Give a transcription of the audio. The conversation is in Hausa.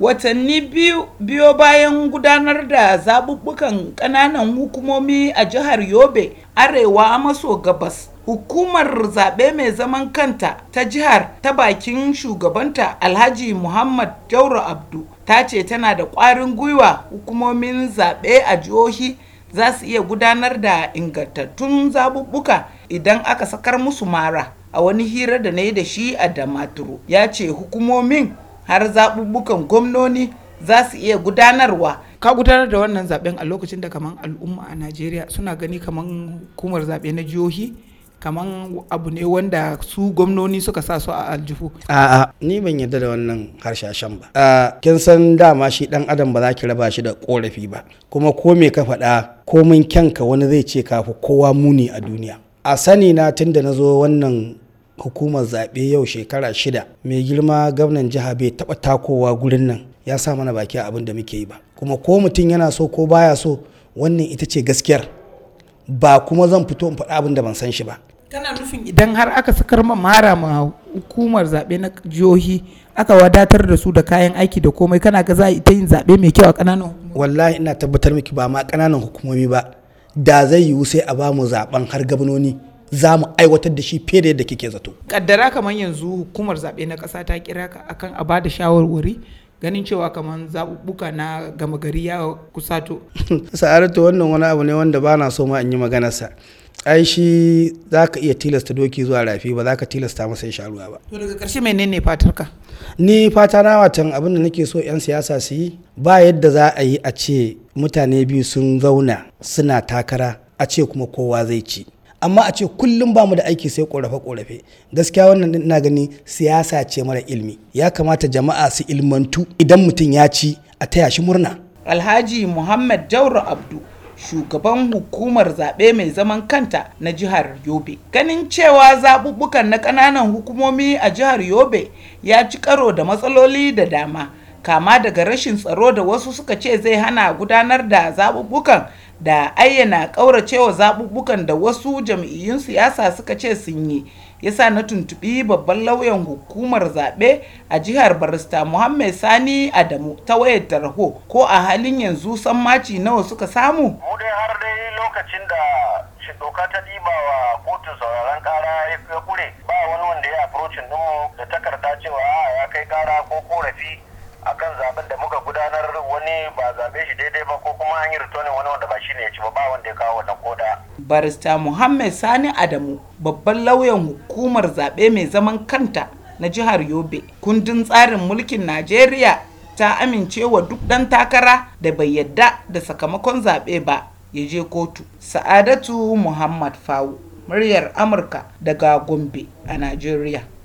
watanni biyo bayan gudanar da zaɓuɓɓukan ƙananan hukumomi a jihar yobe arewa maso gabas hukumar zaɓe mai zaman kanta ta jihar ta bakin shugabanta alhaji muhammad jauro abdu ta ce tana da ƙwarin gwiwa hukumomin zaɓe a jihohi za su iya gudanar da ingantattun zaɓuɓɓuka idan aka sakar musu mara a wani hira da na yi da shi a damaturu ya ce hukumomin har zaɓuɓɓukan gwamnoni za su iya gudanarwa ka gudanar da wannan zaben a lokacin da kamar al'umma a najeriya suna gani kamar hukumar zaɓe na jihohi kamar abu ne wanda su gwamnoni suka sa su a aljihu a'a ni ban yarda da wannan harshashen ba a kin san dama shi dan adam ba za ki raba shi da korafi ba kuma ko me ka faɗa komin kyanka wani zai ce kafi kowa muni a duniya a sani na tun da na zo wannan hukumar zaɓe yau shekara shida mai girma gwamnan jiha bai taɓa takowa gurin nan ya sa mana baki a abin da muke yi ba kuma ko mutum yana so ko baya so wannan ita ce gaskiyar ba kuma zan fito in faɗa abin da ban san shi ba tana nufin idan har aka sakar ma mara ma hukumar zaɓe na jihohi aka wadatar da su da kayan aiki da komai kana ga za a ita yin zaɓe mai kyau a ƙananan wallahi ina tabbatar miki ba ma ƙananan hukumomi ba da zai yiwu sai a bamu zaɓen har gabanoni za mu aiwatar da shi fiye da yadda kike zato kaddara kamar yanzu hukumar zaɓe na ƙasa ta kira ka akan a bada shawarwari ganin cewa kamar zaɓuɓɓuka na gama gari ya kusato sa'aratu wannan wani abu ne wanda ba na so ma in yi maganarsa ai shi za ka iya tilasta doki zuwa rafi ba za ka tilasta masa ya sha ruwa ba to daga ƙarshe menene fatar ka ni fata na watan abin da nake so 'yan siyasa su yi ba yadda za a yi a ce mutane biyu sun zauna suna takara a ce kuma kowa zai ci amma a ce kullum bamu da aiki sai korafe korafe gaskiya wannan na gani siyasa ce mara ilmi ya kamata jama'a su ilmantu idan mutum ya ci a taya shi murna alhaji muhammad jauro abdu shugaban hukumar zaɓe mai zaman kanta na jihar yobe ganin cewa zaɓuɓɓukan na ƙananan hukumomi a jihar yobe ya ci karo da matsaloli da dama kama daga rashin tsaro da wasu suka ce zai hana gudanar da zaɓuɓɓukan da ayyana ƙauracewa zaɓuɓɓukan da wasu jam'iyyun siyasa suka ce sun yi yasa na tuntuɓi babban lauyan hukumar zaɓe a jihar barista muhammed sani adamu ta wayar tarho ko a halin yanzu san maci nawa suka samu mu dai har dai lokacin da doka ta ɗiba wa kotun sauraron kara ya kure ba wani wanda ya aprocin mu da takarda cewa ya kai kara ko korafi akan zaben da muka gudanar wani ba zaɓe shi daidai an wani wanda ba shi ne ya ci ba ba wanda ya kawo wannan koda barista muhammad sani adamu babban lauyan hukumar zaɓe mai zaman kanta na jihar yobe kundin tsarin mulkin najeriya ta amincewa duk ɗan takara da bai yadda da sakamakon zaɓe ba ya je kotu sa'adatu muhammad fawo muryar amurka daga gombe a najeriya